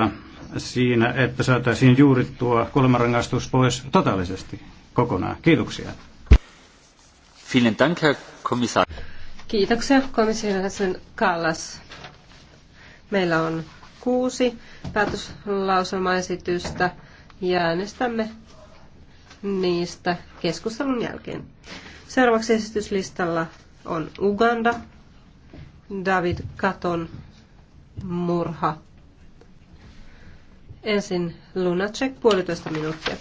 auttaa siinä, että saataisiin juuri tuo kuolemanrangaistus pois totaalisesti kokonaan. Kiitoksia. Vielen Dank, Herr Kommissar. Kiitoksia, komission jäsen Kallas. Meillä on kuusi päätöslauselmaesitystä ja äänestämme niistä keskustelun jälkeen. Seuraavaksi esityslistalla on Uganda, David Katon murha Ensin Lunacek, puolitoista minuuttia.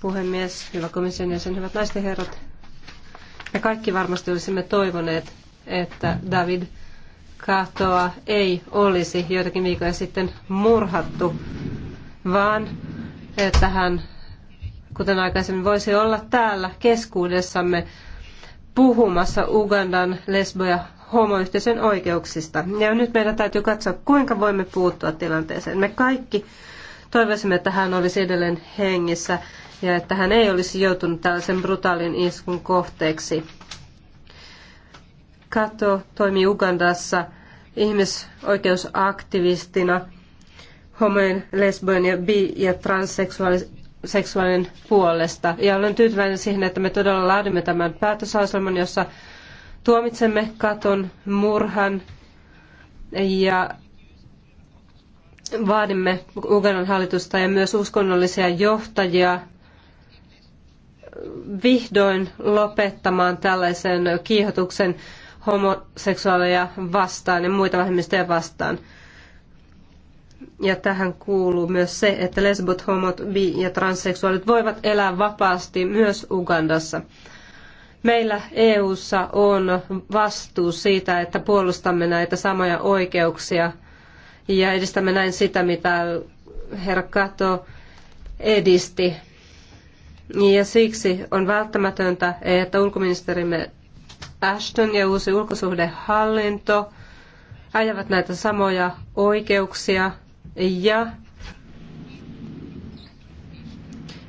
Puhemies, hyvä komission jäsen, hyvät naisten herrat. Me kaikki varmasti olisimme toivoneet, että David Katoa ei olisi joitakin viikkoja sitten murhattu, vaan että hän, kuten aikaisemmin, voisi olla täällä keskuudessamme puhumassa Ugandan lesboja homoyhteisön oikeuksista. Ja nyt meidän täytyy katsoa, kuinka voimme puuttua tilanteeseen. Me kaikki toivoisimme, että hän olisi edelleen hengissä ja että hän ei olisi joutunut tällaisen brutaalin iskun kohteeksi. Kato toimii Ugandassa ihmisoikeusaktivistina homojen, lesbojen ja bi- ja transseksuaalinen puolesta. Ja olen tyytyväinen siihen, että me todella laadimme tämän päätösaselman, jossa Tuomitsemme katon murhan ja vaadimme Ugandan hallitusta ja myös uskonnollisia johtajia vihdoin lopettamaan tällaisen kiihotuksen homoseksuaaleja vastaan ja muita vähemmistöjä vastaan. Ja tähän kuuluu myös se, että lesbot, homot, bi- ja transseksuaalit voivat elää vapaasti myös Ugandassa. Meillä EU:ssa on vastuu siitä, että puolustamme näitä samoja oikeuksia ja edistämme näin sitä, mitä herra Kato edisti. Ja siksi on välttämätöntä, että ulkoministerimme Ashton ja uusi ulkosuhdehallinto ajavat näitä samoja oikeuksia ja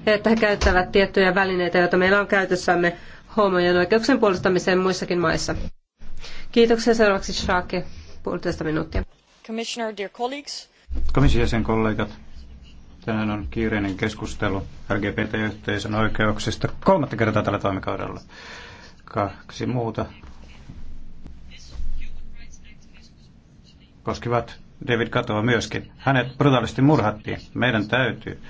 että he käyttävät tiettyjä välineitä, joita meillä on käytössämme homojen oikeuksien puolustamiseen muissakin maissa. Kiitoksia seuraavaksi Shake, puolitoista minuuttia. Commissioner, dear colleagues. Komission tänään on kiireinen keskustelu LGBT-yhteisön oikeuksista kolmatta kertaa tällä toimikaudella. Kaksi muuta koskivat David Katoa myöskin. Hänet brutaalisti murhattiin. Meidän täytyy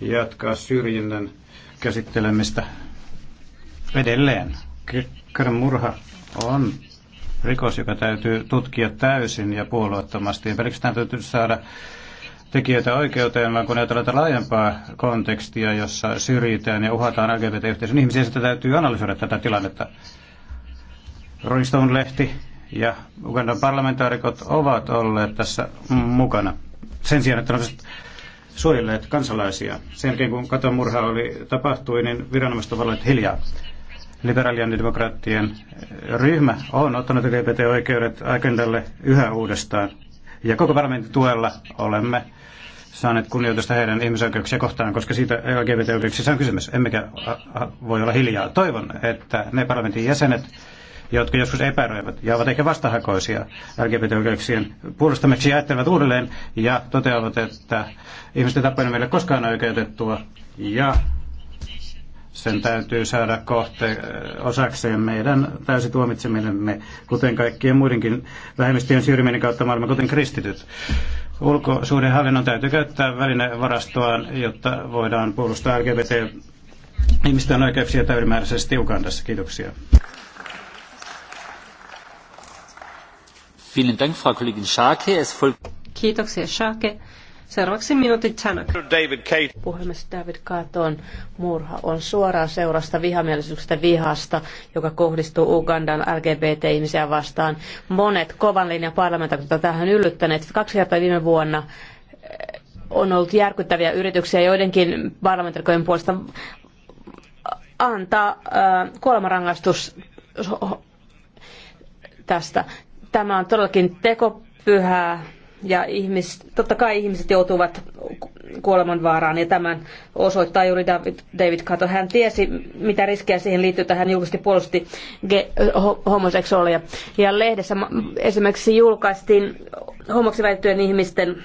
jatkaa syrjinnän käsittelemistä Edelleen Kekkonen murha on rikos, joka täytyy tutkia täysin ja puolueettomasti. Ja pelkästään täytyy saada tekijöitä oikeuteen, vaan kun ajatellaan tätä laajempaa kontekstia, jossa syrjitään ja uhataan LGBT-yhteisön ihmisiä, sitä täytyy analysoida tätä tilannetta. Rolling Stone-lehti ja Ugandan parlamentaarikot ovat olleet tässä mukana. Sen sijaan, että ne suojelleet kansalaisia. Sen jälkeen, kun katomurha oli, tapahtui, niin viranomaiset ovat olleet hiljaa liberaalien ja demokraattien ryhmä on ottanut LGBT-oikeudet agendalle yhä uudestaan. Ja koko parlamentin tuella olemme saaneet kunnioitusta heidän ihmisoikeuksia kohtaan, koska siitä LGBT-oikeuksissa on kysymys. Emmekä voi olla hiljaa. Toivon, että ne parlamentin jäsenet, jotka joskus epäröivät ja ovat ehkä vastahakoisia LGBT-oikeuksien puolustamiseksi, ajattelevat uudelleen ja toteavat, että ihmisten tappeleminen ei koskaan on oikeutettua ja sen täytyy saada kohte osakseen meidän täysi tuomitsemillemme, kuten kaikkien muidenkin vähemmistöjen syrjiminen kautta maailman, kuten kristityt. Ulkosuhdehallinnon täytyy käyttää välinevarastoaan, jotta voidaan puolustaa LGBT-ihmisten oikeuksia täydimääräisesti Ugandassa. Kiitoksia. Kiitoksia, Scharke. Seuraavaksi minuutit Chanak. David Kate. Puhemies David Katon murha on suoraan seurasta vihamielisyyksestä vihasta, joka kohdistuu Ugandan LGBT-ihmisiä vastaan. Monet kovan linjan parlamentaarikot tähän yllyttäneet. Kaksi kertaa viime vuonna eh, on ollut järkyttäviä yrityksiä joidenkin parlamentaarikojen puolesta antaa eh, kuolemanrangaistus tästä. Tämä on todellakin tekopyhää ja ihmis, totta kai ihmiset joutuvat kuolemanvaaraan ja tämän osoittaa juuri David, David Kato. Hän tiesi, mitä riskejä siihen liittyy, tähän julkisesti puolusti homoseksuaalia. Ja lehdessä esimerkiksi julkaistiin homoksi väitettyjen ihmisten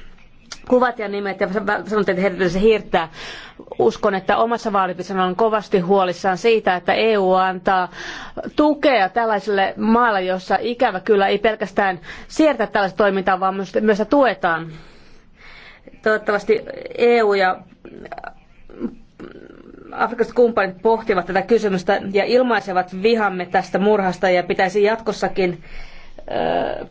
kuvat ja nimet ja sanotte, että heitä tulisi hirttää. Uskon, että omassa vaalipiirissä on kovasti huolissaan siitä, että EU antaa tukea tällaiselle maalle, jossa ikävä kyllä ei pelkästään siirtä tällaista toimintaa, vaan myös, myös tuetaan. Toivottavasti EU ja Afrikasta kumppanit pohtivat tätä kysymystä ja ilmaisevat vihamme tästä murhasta ja pitäisi jatkossakin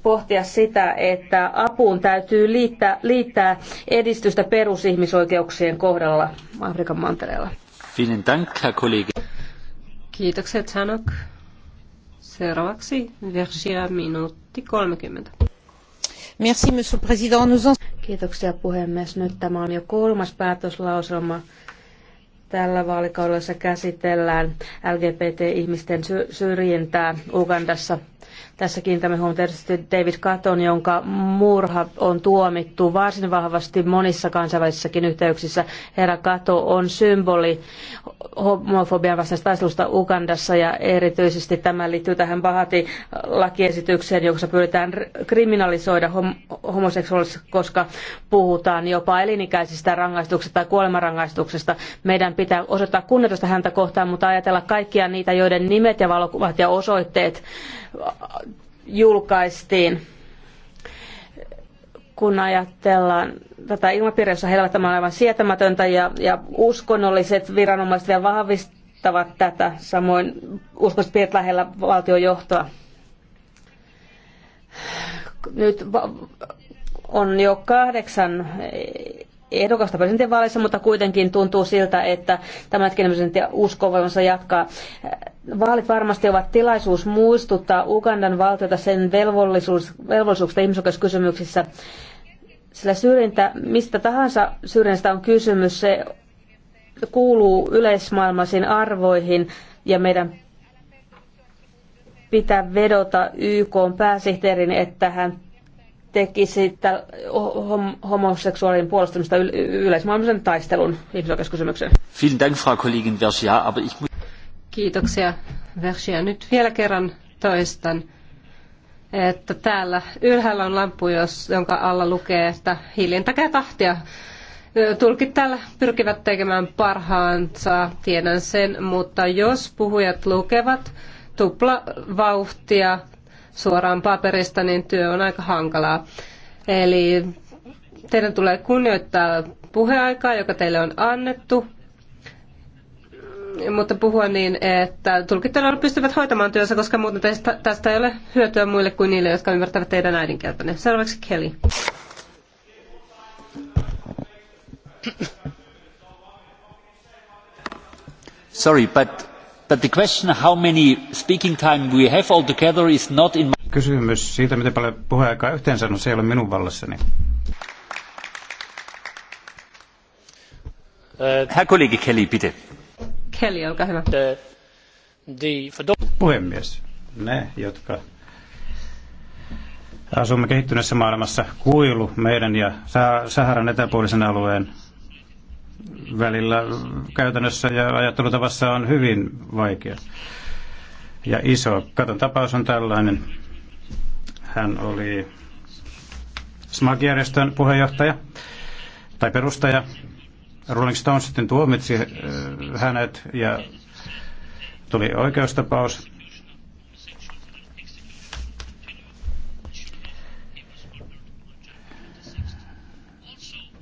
pohtia sitä, että apuun täytyy liittää, liittää edistystä perusihmisoikeuksien kohdalla Afrikan mantereella. Kiitokset Sanok. Seuraavaksi Vergia minuutti 30. Merci, monsieur président. Nous Kiitoksia puhemies. Nyt tämä on jo kolmas päätöslauselma tällä vaalikaudella käsitellään LGBT-ihmisten syrjintää Ugandassa. Tässä kiinnitämme huomiota tietysti David Katon, jonka murha on tuomittu varsin vahvasti monissa kansainvälisissäkin yhteyksissä. Herra Kato on symboli homofobian vastaista taistelusta Ugandassa ja erityisesti tämä liittyy tähän Bahati lakiesitykseen, jossa pyritään kriminalisoida hom- homoseksuaalisuus, koska puhutaan jopa elinikäisistä rangaistuksista tai kuolemarangaistuksesta. Meidän pitää osoittaa kunnioitusta häntä kohtaan, mutta ajatella kaikkia niitä, joiden nimet ja valokuvat ja osoitteet julkaistiin. Kun ajatellaan tätä ilmapiiriä, jossa heillä tämä on aivan sietämätöntä ja, ja uskonnolliset viranomaiset vielä vahvistavat tätä, samoin uskonnolliset piirit lähellä valtiojohtoa. Nyt on jo kahdeksan ehdokasta presidentinvaaleissa, mutta kuitenkin tuntuu siltä, että tämä hetkinen presidentti uskoo voimansa jatkaa. Vaalit varmasti ovat tilaisuus muistuttaa Ugandan valtiota sen velvollisuus, velvollisuuksista ihmisoikeuskysymyksissä. Sillä syrjintä, mistä tahansa syrjinnästä on kysymys, se kuuluu yleismaailmaisiin arvoihin ja meidän pitää vedota YK pääsihteerin, että hän tekisi homoseksuaalien puolustamista yleismaailmallisen taistelun ihmisoikeuskysymyksen. Vielen Dank, Frau Kollegin Versia, aber ich Kiitoksia, Versia. Nyt vielä kerran toistan, että täällä ylhäällä on lamppu, jonka alla lukee, että hiljentäkää tahtia. Tulkit täällä pyrkivät tekemään parhaansa, tiedän sen, mutta jos puhujat lukevat tupla vauhtia suoraan paperista, niin työ on aika hankalaa. Eli teidän tulee kunnioittaa puheaikaa, joka teille on annettu, mutta puhua niin, että tulkittelijat pystyvät hoitamaan työnsä, koska muuten tästä, tästä ei ole hyötyä muille kuin niille, jotka ymmärtävät teidän äidinkieltänne. Seuraavaksi Kelly. Sorry, but But the question how many speaking time we have is not in... Kysymys siitä, miten paljon puheaikaa yhteensä on, no se ei ole minun vallassani. Niin. Äh, Herr Kollege Kelly, bitte. Kelly, olkaa hyvä. Äh, Puhemies, ne, jotka asumme kehittyneessä maailmassa, kuilu meidän ja Saharan etäpuolisen alueen välillä käytännössä ja ajattelutavassa on hyvin vaikea ja iso. Katon tapaus on tällainen. Hän oli SMAG-järjestön puheenjohtaja tai perustaja. Rolling Stone sitten tuomitsi äh, hänet ja tuli oikeustapaus.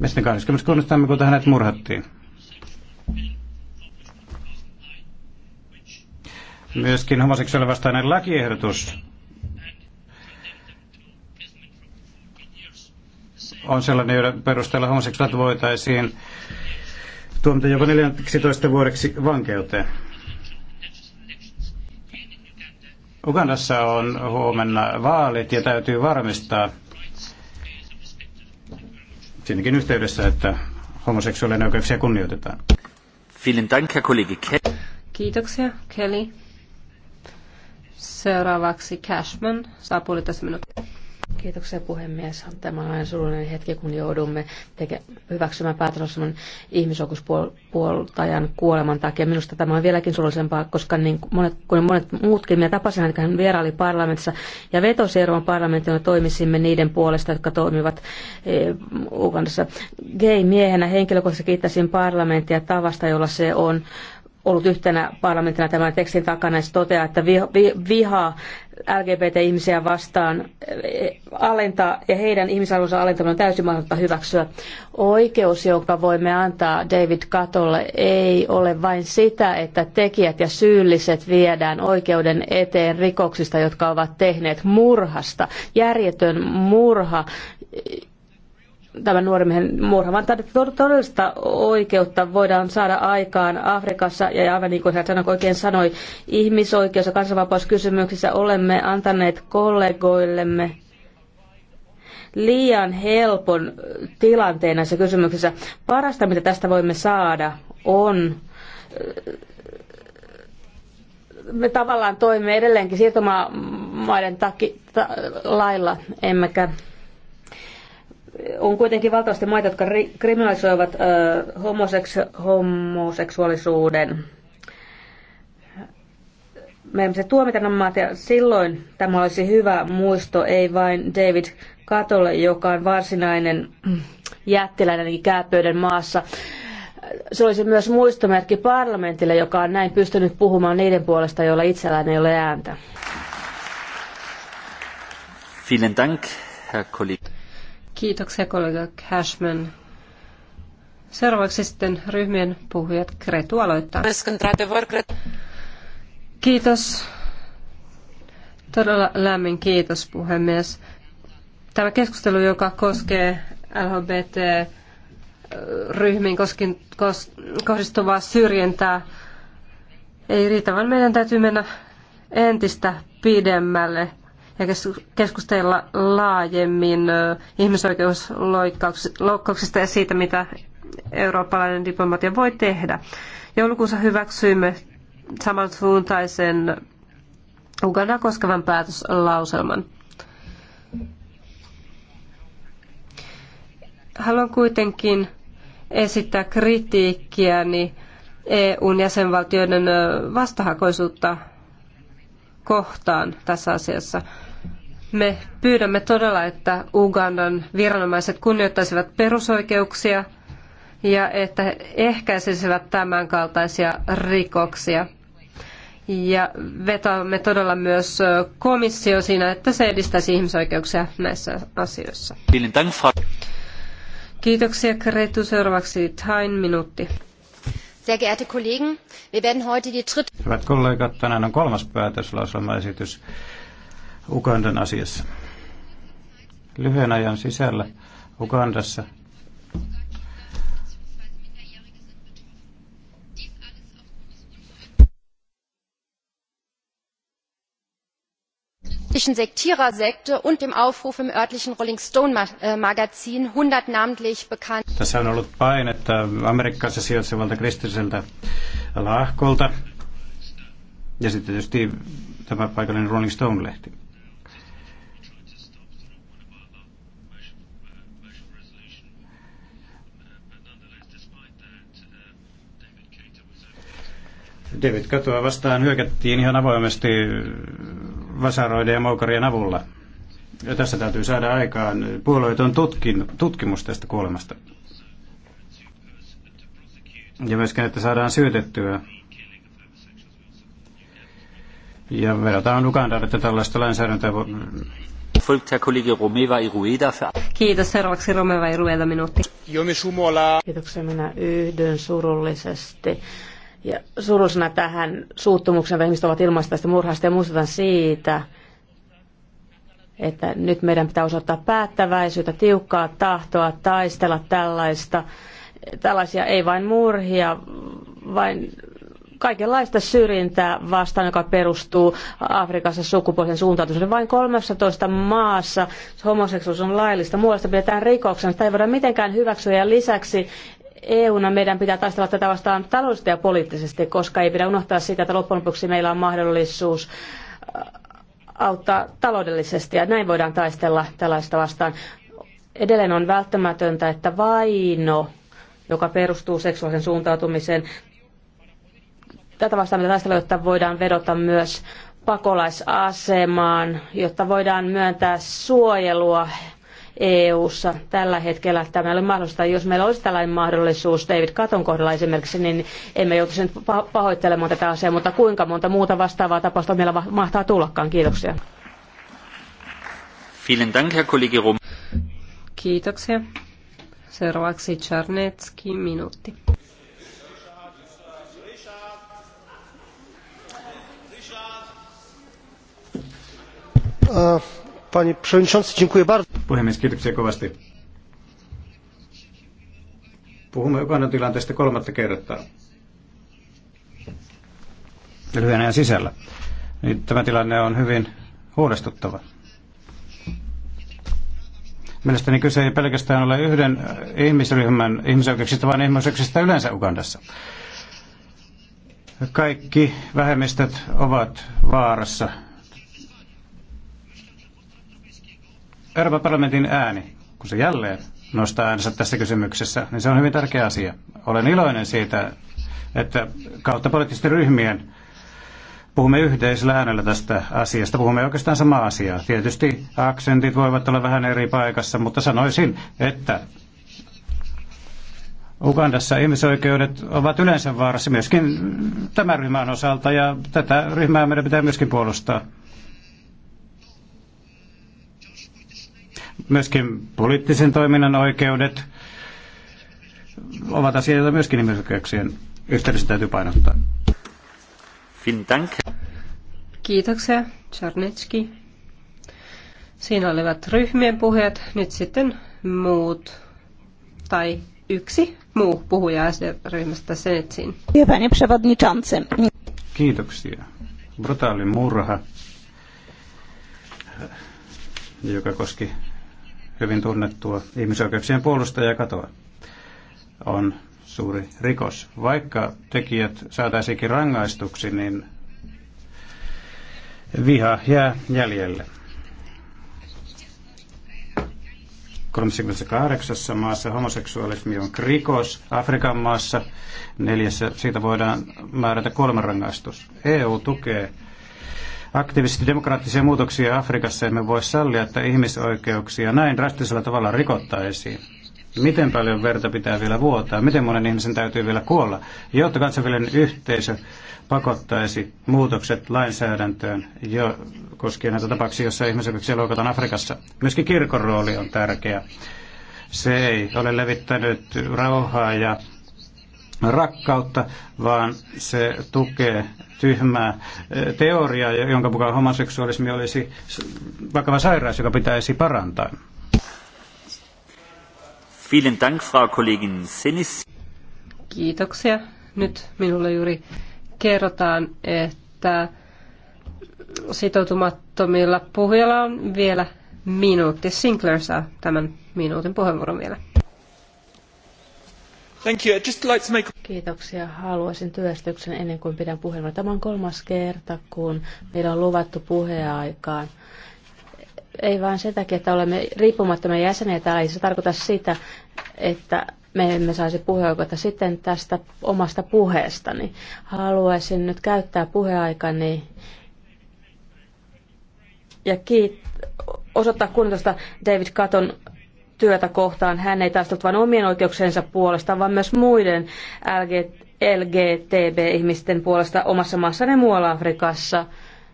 Ja sitten 23. tammikuuta hänet murhattiin. Myöskin homoseksuaalinen vastainen lakiehdotus on sellainen, joiden perusteella homoseksuaalit voitaisiin tuomita jopa 14 vuodeksi vankeuteen. Ugandassa on huomenna vaalit ja täytyy varmistaa, siinäkin yhteydessä, että homoseksuaalien oikeuksia kunnioitetaan. Kiitoksia, Kelly. Seuraavaksi Cashman saa puolitoista minuuttia. Kiitoksia puhemies. Tämä on aina surullinen hetki, kun joudumme teke- hyväksymään päätöslauselman ihmisoikeuspuoltajan kuoleman takia. Minusta tämä on vieläkin surullisempaa, koska niin monet, kun monet muutkin, minä tapasin häntä, hän vieraili parlamentissa ja vetosi Euroopan parlamentin, että toimisimme niiden puolesta, jotka toimivat e, Ugandassa. Gay-miehenä henkilökohtaisesti kiittäisin parlamenttia tavasta, jolla se on ollut yhtenä parlamenttina tämän tekstin takana ja se toteaa, että viha, viha LGBT-ihmisiä vastaan alentaa ja heidän ihmisarvonsa alentaminen on täysin mahdotonta hyväksyä. Oikeus, jonka voimme antaa David Katolle, ei ole vain sitä, että tekijät ja syylliset viedään oikeuden eteen rikoksista, jotka ovat tehneet murhasta. Järjetön murha, tämän nuoren miehen murhan, vaan todellista oikeutta voidaan saada aikaan Afrikassa, ja aivan niin kuin hän sanoi, oikein sanoi, ihmisoikeus- ja kansanvapauskysymyksissä olemme antaneet kollegoillemme liian helpon tilanteen näissä kysymyksissä. Parasta, mitä tästä voimme saada, on äh, me tavallaan toimimme edelleenkin siirtomaiden takia ta, lailla, emmekä on kuitenkin valtavasti maita, jotka kriminalisoivat äh, homoseks- homoseksuaalisuuden. Me emme se tuomita nämä maat ja silloin tämä olisi hyvä muisto, ei vain David Katolle, joka on varsinainen jättiläinen kääpöiden maassa. Se olisi myös muistomerkki parlamentille, joka on näin pystynyt puhumaan niiden puolesta, joilla itsellään ei ole ääntä. Vielen Dank, Herr Kollege. Kiitoksia kollega Cashman. Seuraavaksi sitten ryhmien puhujat Kretu aloittaa. Kiitos. Todella lämmin kiitos puhemies. Tämä keskustelu, joka koskee LHBT-ryhmiin koskin, kos, kohdistuvaa syrjintää, ei riitä, vaan meidän täytyy mennä entistä pidemmälle – ja keskustella laajemmin ihmisoikeusloukkauksista ja siitä, mitä eurooppalainen diplomatia voi tehdä. Joulukuussa hyväksyimme samansuuntaisen Ugandaa koskevan päätöslauselman. Haluan kuitenkin esittää kritiikkiäni EUn jäsenvaltioiden vastahakoisuutta kohtaan tässä asiassa. Me pyydämme todella, että Ugandan viranomaiset kunnioittaisivat perusoikeuksia ja että he ehkäisisivät tämänkaltaisia rikoksia. Ja vetämme todella myös komissio siinä, että se edistäisi ihmisoikeuksia näissä asioissa. Kiitoksia Kretu. Seuraavaksi Tain minuutti. Sehr Kollegen, wir werden Hyvät kollegat, tänään on kolmas päätöslauselmaesitys Ugandan asiassa. Lyhyen ajan sisällä Ugandassa Sektierersekte und dem Aufruf im örtlichen Rolling Stone äh, Magazin 100 namentlich bekannt. Tässä on ollut painetta Amerikassa sijaitsevalta kristilliseltä lahkolta ja sitten tietysti tämä paikallinen Rolling Stone-lehti. David Katua vastaan hyökättiin ihan avoimesti vasaroiden ja moukarien avulla. Ja tässä täytyy saada aikaan puolueeton tutkin, tutkimus tästä kuolemasta. Ja myöskin, että saadaan syytettyä. Ja vedotaan Ugandaan, että tällaista lainsäädäntöä Kiitos. Seuraavaksi Romeva Irueda minuutti. Kiitoksia. Minä yhdyn surullisesti ja surullisena tähän että ihmiset ovat ilmaista tästä murhasta ja muistutan siitä, että nyt meidän pitää osoittaa päättäväisyyttä, tiukkaa tahtoa taistella tällaista, tällaisia ei vain murhia, vain kaikenlaista syrjintää vastaan, joka perustuu Afrikassa sukupuolisen suuntautumiseen. Vain 13 maassa homoseksuus on laillista. Muualta pidetään rikoksena. Sitä ei voida mitenkään hyväksyä ja lisäksi EUna meidän pitää taistella tätä vastaan taloudellisesti ja poliittisesti, koska ei pidä unohtaa sitä, että loppujen lopuksi meillä on mahdollisuus äh, auttaa taloudellisesti ja näin voidaan taistella tällaista vastaan. Edelleen on välttämätöntä, että vaino, joka perustuu seksuaalisen suuntautumiseen, tätä vastaan meidän taistella, jotta voidaan vedota myös pakolaisasemaan, jotta voidaan myöntää suojelua EU-ssa tällä hetkellä. Tämä ei ole mahdollista. Jos meillä olisi tällainen mahdollisuus David Katon kohdalla esimerkiksi, niin emme joutuisi nyt pahoittelemaan tätä asiaa, mutta kuinka monta muuta vastaavaa tapausta meillä mahtaa tullakaan. Kiitoksia. Vielen Dank, Herr Kollege Kiitoksia. Seuraavaksi Czarnecki, minuutti. Panie Przewodniczący, dziękuję bardzo. Puhemies, kiitoksia kovasti. Puhumme Ugandan tilanteesta kolmatta kertaa. Lyhyen ajan sisällä. Nyt niin tämä tilanne on hyvin huolestuttava. Mielestäni kyse ei pelkästään ole yhden ihmisryhmän ihmisoikeuksista, vaan ihmisoikeuksista yleensä Ugandassa. Kaikki vähemmistöt ovat vaarassa Euroopan parlamentin ääni, kun se jälleen nostaa äänensä tässä kysymyksessä, niin se on hyvin tärkeä asia. Olen iloinen siitä, että kautta poliittisten ryhmien puhumme yhteisellä äänellä tästä asiasta. Puhumme oikeastaan samaa asiaa. Tietysti aksentit voivat olla vähän eri paikassa, mutta sanoisin, että Ugandassa ihmisoikeudet ovat yleensä vaarassa myöskin tämän ryhmän osalta ja tätä ryhmää meidän pitää myöskin puolustaa. Myöskin poliittisen toiminnan oikeudet ovat asioita, joita myöskin ihmisoikeuksien yhteydessä täytyy painottaa. Kiitoksia, Czarnecki. Siinä olivat ryhmien puheet, nyt sitten muut tai yksi muu puhuja ryhmästä Senetsiin. przewodniczący. Kiitoksia. Brutaali murha, joka koski hyvin tunnettua ihmisoikeuksien puolustajaa katoa. On suuri rikos. Vaikka tekijät saataisiinkin rangaistuksi, niin viha jää jäljelle. 38 maassa homoseksuaalismi on rikos, Afrikan maassa neljässä siitä voidaan määrätä kolme rangaistus. EU tukee aktiivisesti demokraattisia muutoksia Afrikassa emme voi sallia, että ihmisoikeuksia näin drastisella tavalla rikottaisiin. Miten paljon verta pitää vielä vuotaa? Miten monen ihmisen täytyy vielä kuolla, jotta kansainvälinen yhteisö pakottaisi muutokset lainsäädäntöön jo koskien näitä tapauksia, joissa ihmisoikeuksia loukataan Afrikassa? Myöskin kirkon rooli on tärkeä. Se ei ole levittänyt rauhaa ja rakkautta, vaan se tukee tyhmää teoriaa, jonka mukaan homoseksuaalismi olisi vakava sairaus, joka pitäisi parantaa. Vielen Dank, Frau Kollegin Sinis. Kiitoksia. Nyt minulle juuri kerrotaan, että sitoutumattomilla puhujilla on vielä minuutti. Sinclair saa tämän minuutin puheenvuoron vielä. Kiitoksia. Haluaisin työstyksen ennen kuin pidän puheen. Tämä on kolmas kerta, kun meillä on luvattu puheaikaan ei vain sen takia, että olemme riippumattomia jäseniä täällä, ei se tarkoita sitä, että me emme saisi puheoikeutta sitten tästä omasta puheestani. Haluaisin nyt käyttää puheaikani ja kiit- osoittaa kunnioitusta David Katon työtä kohtaan. Hän ei taistellut vain omien oikeuksiensa puolesta, vaan myös muiden LGTB-ihmisten puolesta omassa maassaan ja muualla Afrikassa.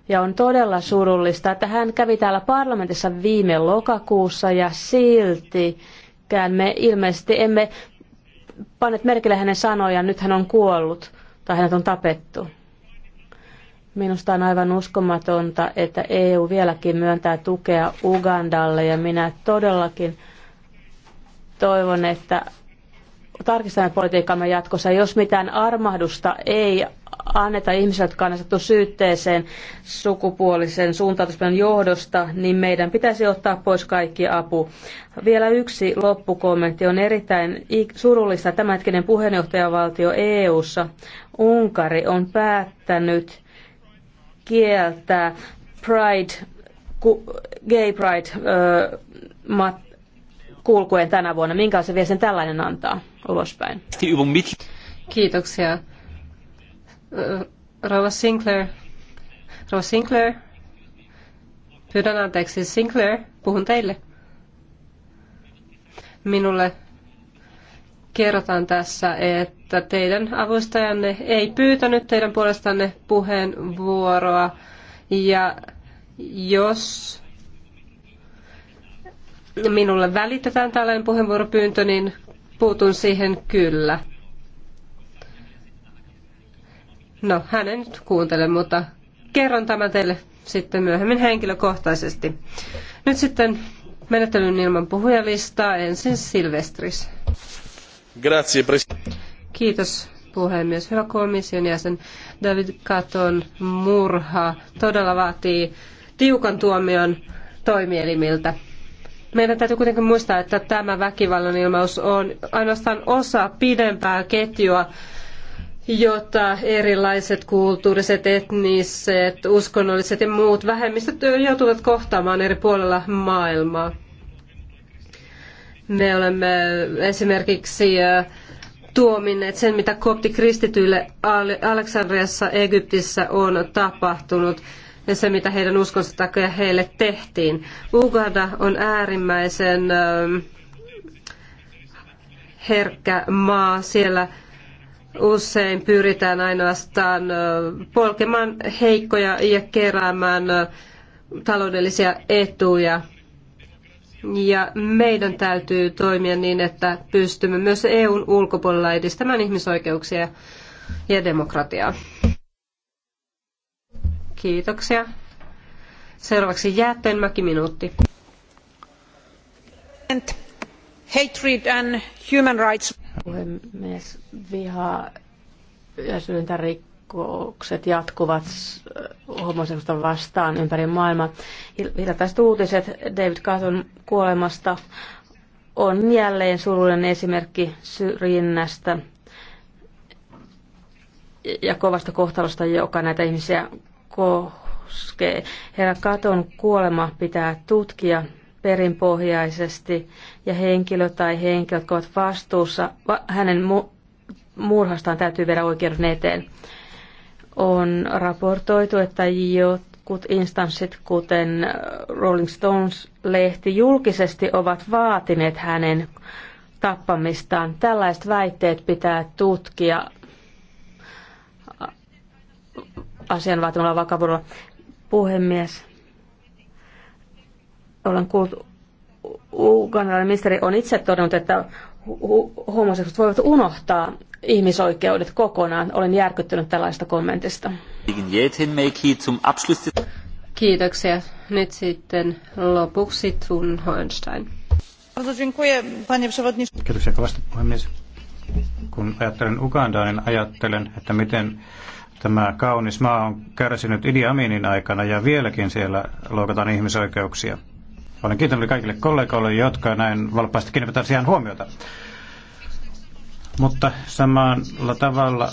Ja on todella surullista, että hän kävi täällä parlamentissa viime lokakuussa ja siltikään me ilmeisesti emme panneet merkille hänen sanojaan, nyt hän on kuollut tai hänet on tapettu. Minusta on aivan uskomatonta, että EU vieläkin myöntää tukea Ugandalle ja minä todellakin Toivon, että tarkistamme politiikkaamme jatkossa. Jos mitään armahdusta ei anneta ihmisille, jotka on asettu syytteeseen sukupuolisen suuntautumisen johdosta, niin meidän pitäisi ottaa pois kaikki apu. Vielä yksi loppukommentti on erittäin surullista. Tämänhetkinen puheenjohtajavaltio EU-ssa, Unkari, on päättänyt kieltää Pride, gay Pride, äh, kulkuen tänä vuonna. Minkälaisen viestin tällainen antaa ulospäin? Kiitoksia. Rova Sinclair. Rova Sinclair. Pyydän anteeksi. Sinclair, puhun teille. Minulle kerrotaan tässä, että teidän avustajanne ei pyytänyt teidän puolestanne puheenvuoroa. Ja jos minulle välitetään tällainen puheenvuoropyyntö, niin puutun siihen kyllä. No, hän ei nyt kuuntele, mutta kerron tämän teille sitten myöhemmin henkilökohtaisesti. Nyt sitten menettelyn ilman puhujalistaa. Ensin Silvestris. Grazie, Kiitos puhemies. Hyvä komission jäsen David Katon murha todella vaatii tiukan tuomion toimielimiltä. Meidän täytyy kuitenkin muistaa, että tämä väkivallan ilmaus on ainoastaan osa pidempää ketjua, jota erilaiset kulttuuriset, etniset, uskonnolliset ja muut vähemmistöt joutuvat kohtaamaan eri puolilla maailmaa. Me olemme esimerkiksi tuominneet sen, mitä koptikristityille Aleksandriassa, Egyptissä on tapahtunut ja se, mitä heidän uskonsa takia heille tehtiin. Uganda on äärimmäisen ähm, herkkä maa. Siellä usein pyritään ainoastaan äh, polkemaan heikkoja ja keräämään äh, taloudellisia etuja. Ja meidän täytyy toimia niin, että pystymme myös EUn ulkopuolella edistämään ihmisoikeuksia ja demokratiaa. Kiitoksia. Seuraavaksi Jäättönmäki minuutti. Hatred and human rights. Puhemies, viha ja syrjintärikkoukset jatkuvat homoseksuaalista vastaan ympäri maailmaa. Hiljattaiset uutiset David Caton kuolemasta on jälleen surullinen esimerkki syrjinnästä ja kovasta kohtalosta, joka näitä ihmisiä koskee. Herra Katon kuolema pitää tutkia perinpohjaisesti ja henkilö tai henkilöt, jotka ovat vastuussa hänen murhastaan, täytyy viedä oikeuden eteen. On raportoitu, että jotkut instanssit, kuten Rolling Stones-lehti, julkisesti ovat vaatineet hänen tappamistaan. Tällaiset väitteet pitää tutkia asian vaatimalla vakavuudella. Puhemies, olen kuullut, ugandalainen ministeri on itse todennut, että hu- homoseksuaalit voivat unohtaa ihmisoikeudet kokonaan. Olen järkyttynyt tällaista kommentista. Kiitoksia. Nyt sitten lopuksi Thun Hornstein. Kiitoksia kovasti puhemies. Kun ajattelen Ugandaa, niin ajattelen, että miten Tämä kaunis maa on kärsinyt Idi Aminin aikana ja vieläkin siellä loukataan ihmisoikeuksia. Olen kiitollinen kaikille kollegoille, jotka näin valppaasti kiinnittävät siihen huomiota. Mutta samalla tavalla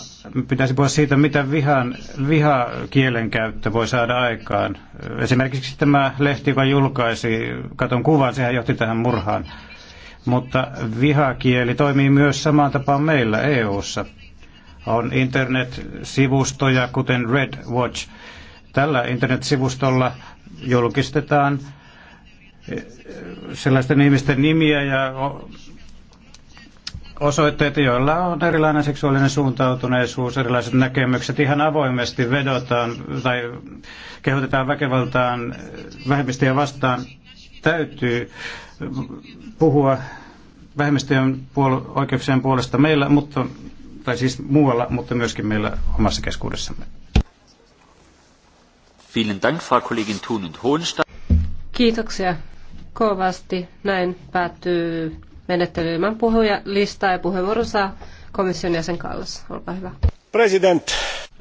pitäisi puhua siitä, mitä vihan, viha kielenkäyttö voi saada aikaan. Esimerkiksi tämä lehti, joka julkaisi katon kuvan, sehän johti tähän murhaan. Mutta vihakieli toimii myös samaan tapaan meillä EU:ssa. ssa on internetsivustoja, kuten Red Watch. Tällä internetsivustolla julkistetaan eh, sellaisten ihmisten nimiä ja osoitteet, joilla on erilainen seksuaalinen suuntautuneisuus, erilaiset näkemykset. Ihan avoimesti vedotaan tai kehotetaan väkevaltaan eh, vähemmistöjä vastaan. Täytyy puhua vähemmistöjen puol- oikeuksien puolesta meillä, mutta tai siis muualla, mutta myöskin meillä omassa keskuudessamme. Vielen Dank, Frau Kollegin Thun und Hohenstein. Kiitoksia kovasti. Näin päättyy menettelyymän Puhuja puhujalistaa ja puheenvuoro saa komission jäsen Kallas. Olkaa hyvä. President.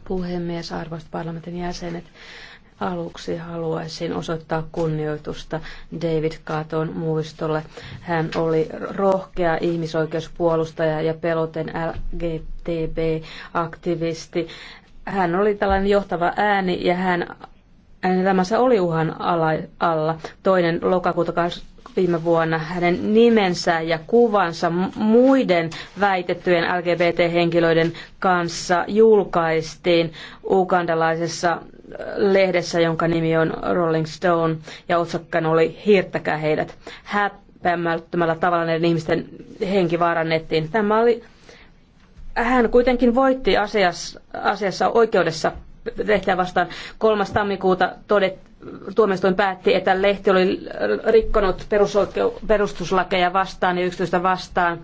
Puhemies, arvoisat parlamentin jäsenet. Aluksi haluaisin osoittaa kunnioitusta David Katon muistolle. Hän oli rohkea ihmisoikeuspuolustaja ja peloten LGTB-aktivisti. Hän oli tällainen johtava ääni ja hän, hänen elämänsä oli uhan ala, alla. Toinen lokakuuta viime vuonna hänen nimensä ja kuvansa muiden väitettyjen LGBT-henkilöiden kanssa julkaistiin ugandalaisessa lehdessä, jonka nimi on Rolling Stone, ja otsakkaan oli Hirttäkää heidät. Häpeämättömällä tavalla ne ihmisten henki vaarannettiin. Tämä oli, hän kuitenkin voitti asiassa, asiassa oikeudessa lehtiä vastaan. 3. tammikuuta todet, tuomioistuin päätti, että lehti oli rikkonut perustuslakeja vastaan ja yksityistä vastaan,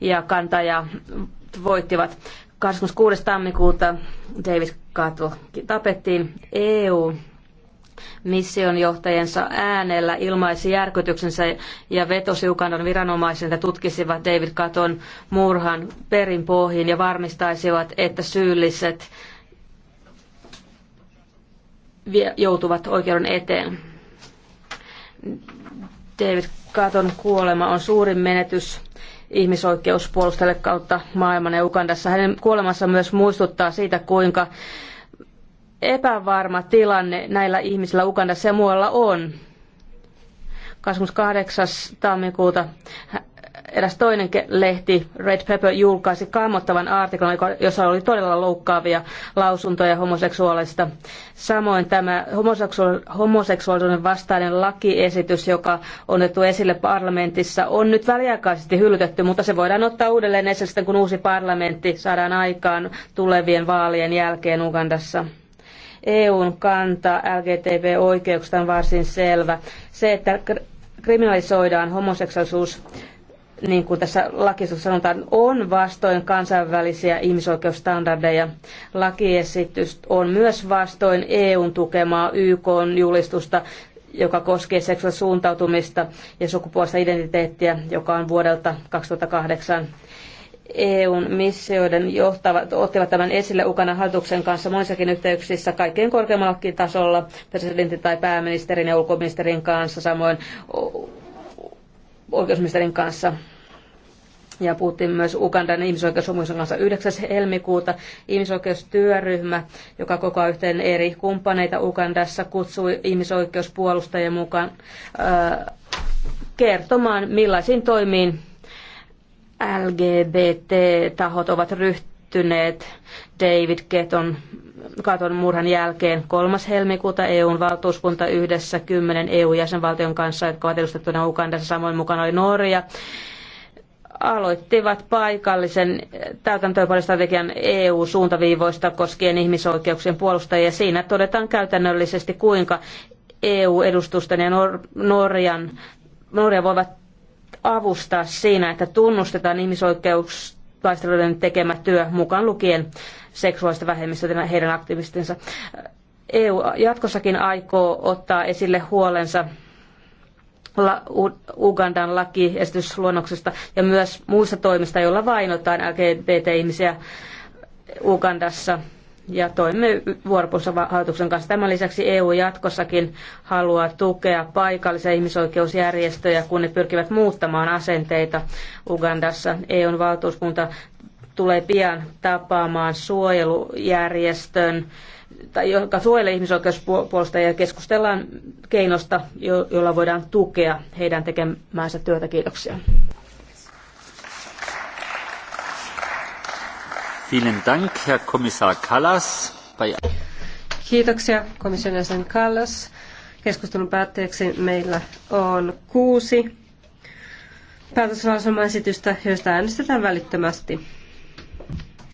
ja kantaja voittivat. 26. tammikuuta David Katl tapettiin EU mission johtajensa äänellä ilmaisi järkytyksensä ja vetosi Ugandan viranomaisen, että tutkisivat David Katon murhan perinpohjin ja varmistaisivat, että syylliset joutuvat oikeuden eteen. David Katon kuolema on suurin menetys ihmisoikeuspuolustajalle kautta maailman ja Ugandassa. Hänen kuolemansa myös muistuttaa siitä, kuinka epävarma tilanne näillä ihmisillä Ugandassa ja muualla on. 28. tammikuuta eräs toinen lehti, Red Pepper, julkaisi kammottavan artiklan, jossa oli todella loukkaavia lausuntoja homoseksuaalista. Samoin tämä homoseksuaalisuuden vastainen lakiesitys, joka on otettu esille parlamentissa, on nyt väliaikaisesti hyllytetty, mutta se voidaan ottaa uudelleen esille sitten, kun uusi parlamentti saadaan aikaan tulevien vaalien jälkeen Ugandassa. EUn kanta LGTB-oikeuksista on varsin selvä. Se, että kriminalisoidaan homoseksuaalisuus niin kuin tässä lakissa sanotaan, on vastoin kansainvälisiä ihmisoikeusstandardeja. Lakiesitys on myös vastoin EUn tukemaa YK-julistusta joka koskee seksuaalista suuntautumista ja sukupuolista identiteettiä, joka on vuodelta 2008. EUn missioiden johtavat ottivat tämän esille Ukana hallituksen kanssa monissakin yhteyksissä kaikkein korkeammallakin tasolla presidentin tai pääministerin ja ulkoministerin kanssa, samoin oikeusministerin kanssa ja puhuttiin myös Ugandan ihmisoikeusomisen kanssa 9. helmikuuta. Ihmisoikeustyöryhmä, joka kokoaa yhteen eri kumppaneita Ugandassa, kutsui ihmisoikeuspuolustajien mukaan äh, kertomaan, millaisiin toimiin LGBT-tahot ovat ryhtyneet pettyneet David Keton katon murhan jälkeen 3. helmikuuta EUn valtuuskunta yhdessä kymmenen EU-jäsenvaltion kanssa, jotka ovat edustettuna Ukandassa, samoin mukana oli Norja, aloittivat paikallisen täytäntöönpanostrategian EU-suuntaviivoista koskien ihmisoikeuksien puolustajia. Siinä todetaan käytännöllisesti, kuinka EU-edustusten ja Nor- Norjan, Norja voivat avustaa siinä, että tunnustetaan ihmisoikeuksia taistelijoiden tekemä työ mukaan lukien seksuaalista vähemmistöt ja heidän aktivistinsa. EU jatkossakin aikoo ottaa esille huolensa La- U- Ugandan lakiesitysluonnoksesta ja myös muista toimista, joilla vainotaan LGBT-ihmisiä Ugandassa ja toimme vuoropuolissa hallituksen kanssa. Tämän lisäksi EU jatkossakin haluaa tukea paikallisia ihmisoikeusjärjestöjä, kun ne pyrkivät muuttamaan asenteita Ugandassa. EUn valtuuskunta tulee pian tapaamaan suojelujärjestön, tai joka suojelee ihmisoikeuspuolustajia ja keskustellaan keinosta, jolla voidaan tukea heidän tekemäänsä työtä. Kiitoksia. Kiitoksia komission jäsen Kallas. Keskustelun päätteeksi meillä on kuusi päätöslauselmaesitystä, joista äänestetään välittömästi.